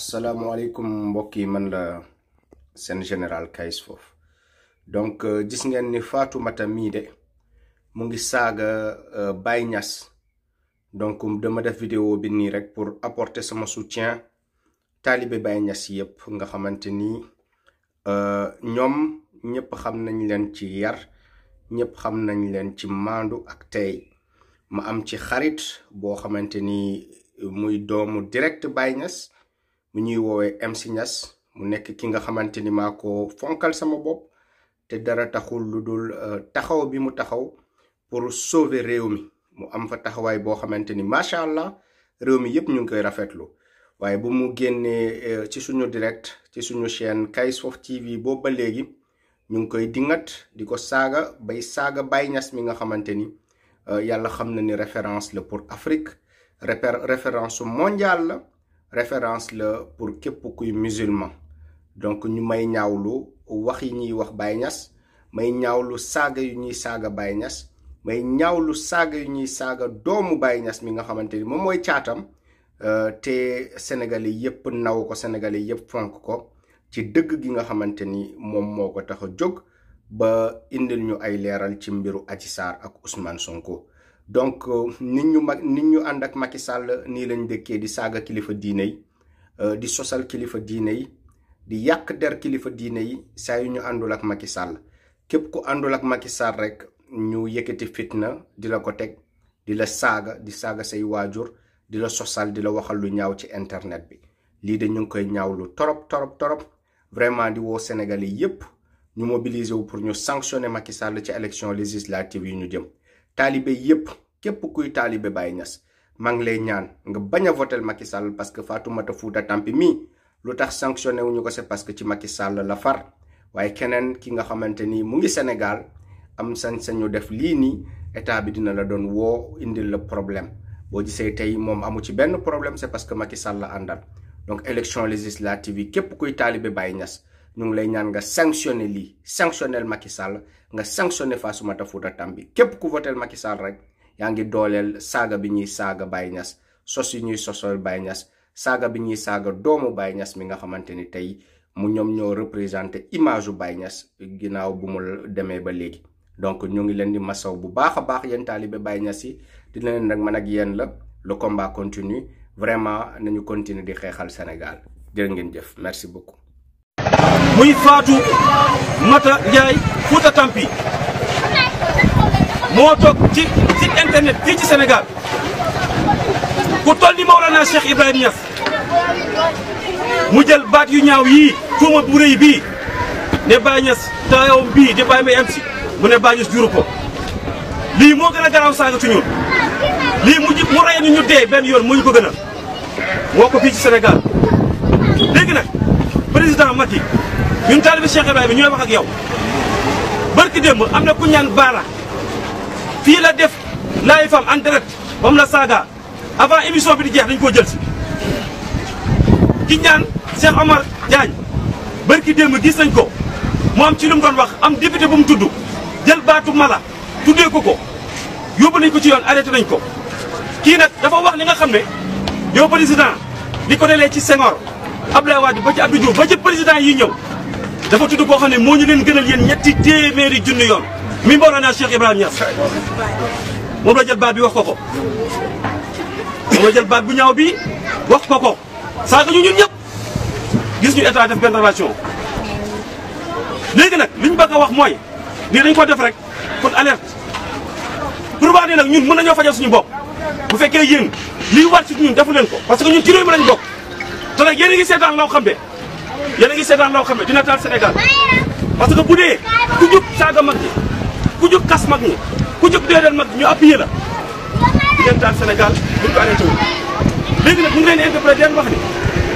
Assalamualaikum mbokk yi man la sen general Kayz Fof donc euh, gis ngeen ni mata mi de mu ngi saaga euh, Baye Niass donc dama def vidéo bi ni rek pour apporter sama soutien talibé Baye Niass yépp nga xamanteni euh ñom ñepp xam nañ ci yar ñepp xam nañ ci mandu ak tay ma am ci xarit bo xamanteni euh, muy doomu direct Baye mu ñuy woowee MC Niass mu nekk ki nga xamante ni fonkal sama bopp te dara taxul lu euh, taxaw bi mu taxaw pour sauver réew mi mu am fa taxawaay allah ñu koy rafetlu bu mu euh, ci suñu direct ci suñu chaîne TV boobu ba léegi ñu ngi koy dingat di ko bay saaga bay Niass mi nga euh, référence pour Afrique référence mondiale référence la pour képp kuy musulman donc ñu may ñaawlu wax yi ñuy wax Baye ñas may ñaawlu saaga yu ñuy saaga Baye Niass may ñaawlu saaga yu ñuy saaga doomu Baye ñas mi nga xamante ni moom mooy caatam euh, te sénégalais yépp naw ko sénégalais yépp fonk ko ci dëgg gi nga xamante ni moom moo ko tax a jóg ba indil ñu ay leeral ci mbiru Adji ak Ousmane Sonko donc euh, nit ñu mag ak Macky Sall lañ di saga kilifa diine euh, di sosal kilifa di yak der kilifa diine sa nous yu ñu andul ak Macky Sall képp fitna di la ko tek di la saga, di saga say wajur di la sosal di la ñaaw internet bi de ñu ngi koy ñaawlu torop vraiment di wo Sénégalais yépp ñu mobiliser pour ñu sanctionner Macky ci élection législative taalibe yépp képp kuy taalibe Baye ñas maa ngi lay ñaan nga bañ a votel Macky Sall parce que Fatoumata Fouta Tampi mii lu tax sanctionné wuñu ko c'est parce que ci Macky Sall la far waaye keneen ki nga xamante ni mu ngi Sénégal am sañ-sañu def lii nii état bi dina la doon woo indil la problème boo gisee tey moom amu ci benn problème c'est parce que Macky Sall la àndal donc élection législative yi képp kuy taalibe Baye ñas ñu ngi lay ñaan nga sanctionné li sanctionnel Macky Sall nga sanctionné Mata Fouta Tambi képp ku votel Macky Sall rek ya ngi dolel saga bi ñi saga Baye Niass sos ñuy sosol Baye Niass saaga bi ñi saga doomu Baye Niass mi nga xamanteni tay mu ñom ño représenter image u Baye Niass bu mu démé ba légui donc ñu ngi leen di massaw bu baaxa baax yeen talibé Baye Niass yi di leen nak man ak yeen la le combat continue vraiment nañu continue di xéxal Sénégal jërë ngeen jëf merci beaucoup muy faatu Mata Ndiaye Fouta Tampi moo toog ci ci internet fii ci Sénégal ku toll ni Mawlana Cheikh Ibrahim Niass mu jël baat yu ñaaw yii tuuma bu rëy bii ne Baye Niass taawam bii di Baye may am si mu ne Baye Niass juru ko lii moo gën a garaaw saaga ci ñun lii mu ji mu rey ni ñu dee benn yoon moo ñu ko gën a moo ko fii ci Sénégal léegi nag président Macky ñun talibé Cheikh ibrahim ñooy wax ak yow barki démb amna ku ñaan bara fi la def lay fam en direct bam la saga avant émission bi di jeex dañ ko jël ci ki ñaan Cheikh Omar Diagne barki démb gis nañ ko mo am ci lu ngon wax am député bu mu tuddu jël batu mala tuddé ko ko yobu nañ ko ci yoon arrêté nañ ko ki nak dafa wax li nga xamné ne yow président di ko délé ci Senghor Abdoulaye Wade ba ci Abdou Diouf a ci président yi ñëw dafa tudd koo xam ne moo ñu leen gënal yéen ñetti téeméeri junni yoon mi Mawlana Cheikh a Niass moom la jël baat bi wax ko ko jël baat bu ñaaw bi wax ko ko saaga ñu ñun ñëpp gis ñu état def benn intervention léegi nag li ñu bëgg a wax mooy nii dañ ko def rek kon alerte pour wax ne nag ñun mën nañoo fajal suñu bopp bu fekkee yéen liy war ci ñun defu leen ko parce que ñun ci réew mi lañ bokk te nag yéen a ngi seetaan loo xam ne yéen a ngi seetaan loo xam ne dina taal Sénégal parce que bu ku jóg saaga mag ku jóg kas mag ñi ku jóg déedéel mag ñu appuyé la dinañ taal Sénégal buñ ko arrêté wu. léegi nag mu ngi leen interprété leen wax ni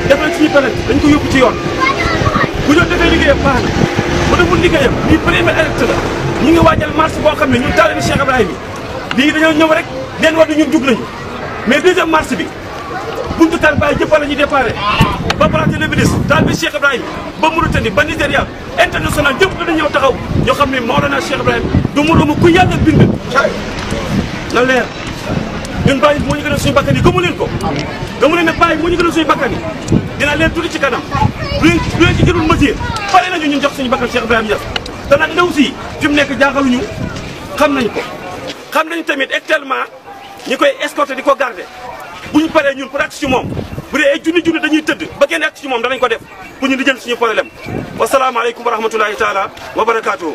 def nañ suñu pexe dañ ko yóbbu ci yoon bu ñoo defee liggéeyam baax bu deful liggéeyam lii premier acte la ñu ngi waajal marche boo xam ne ñun taalibe Cheikh Ibrahima yi lii dañoo ñëw rek leen war du ñun jug mais deuxième marche bi. buntu Kër Baye jëppal la ñuy déparé ba Palante le ministre daal bi Cheikh Ibrahim ba Mauritanie ba Nigéria international jëpp dana ñëw taxaw ñoo xam ne Mawlana Cheikh Ibrahim du moromu ku yàlla bind. na leer ñun Baye moo ñu gën a suñu bakkan yi gëmu leen ko. gëmu leen ne Baye moo ñu gën a suñu bakkan yi dina leen tudd ci kanam lu leen lu leen ci jëlul mesure pare nañu ñun jox suñu bakkan Cheikh Ibrahim Niass te nag ndaw si fi mu nekk jaaxaluñu xam nañ ko xam nañ tamit actuellement ñi koy escorté di ko garder. bu ñu paree ñun pour ak ci moom bu dee ay junni junni dañuy tëdd ba kenn ak ci moom danañ ko def pour ñu di jël suñu problème wasalaamaaleykum wa rahmatulahi taala wa barakaatu.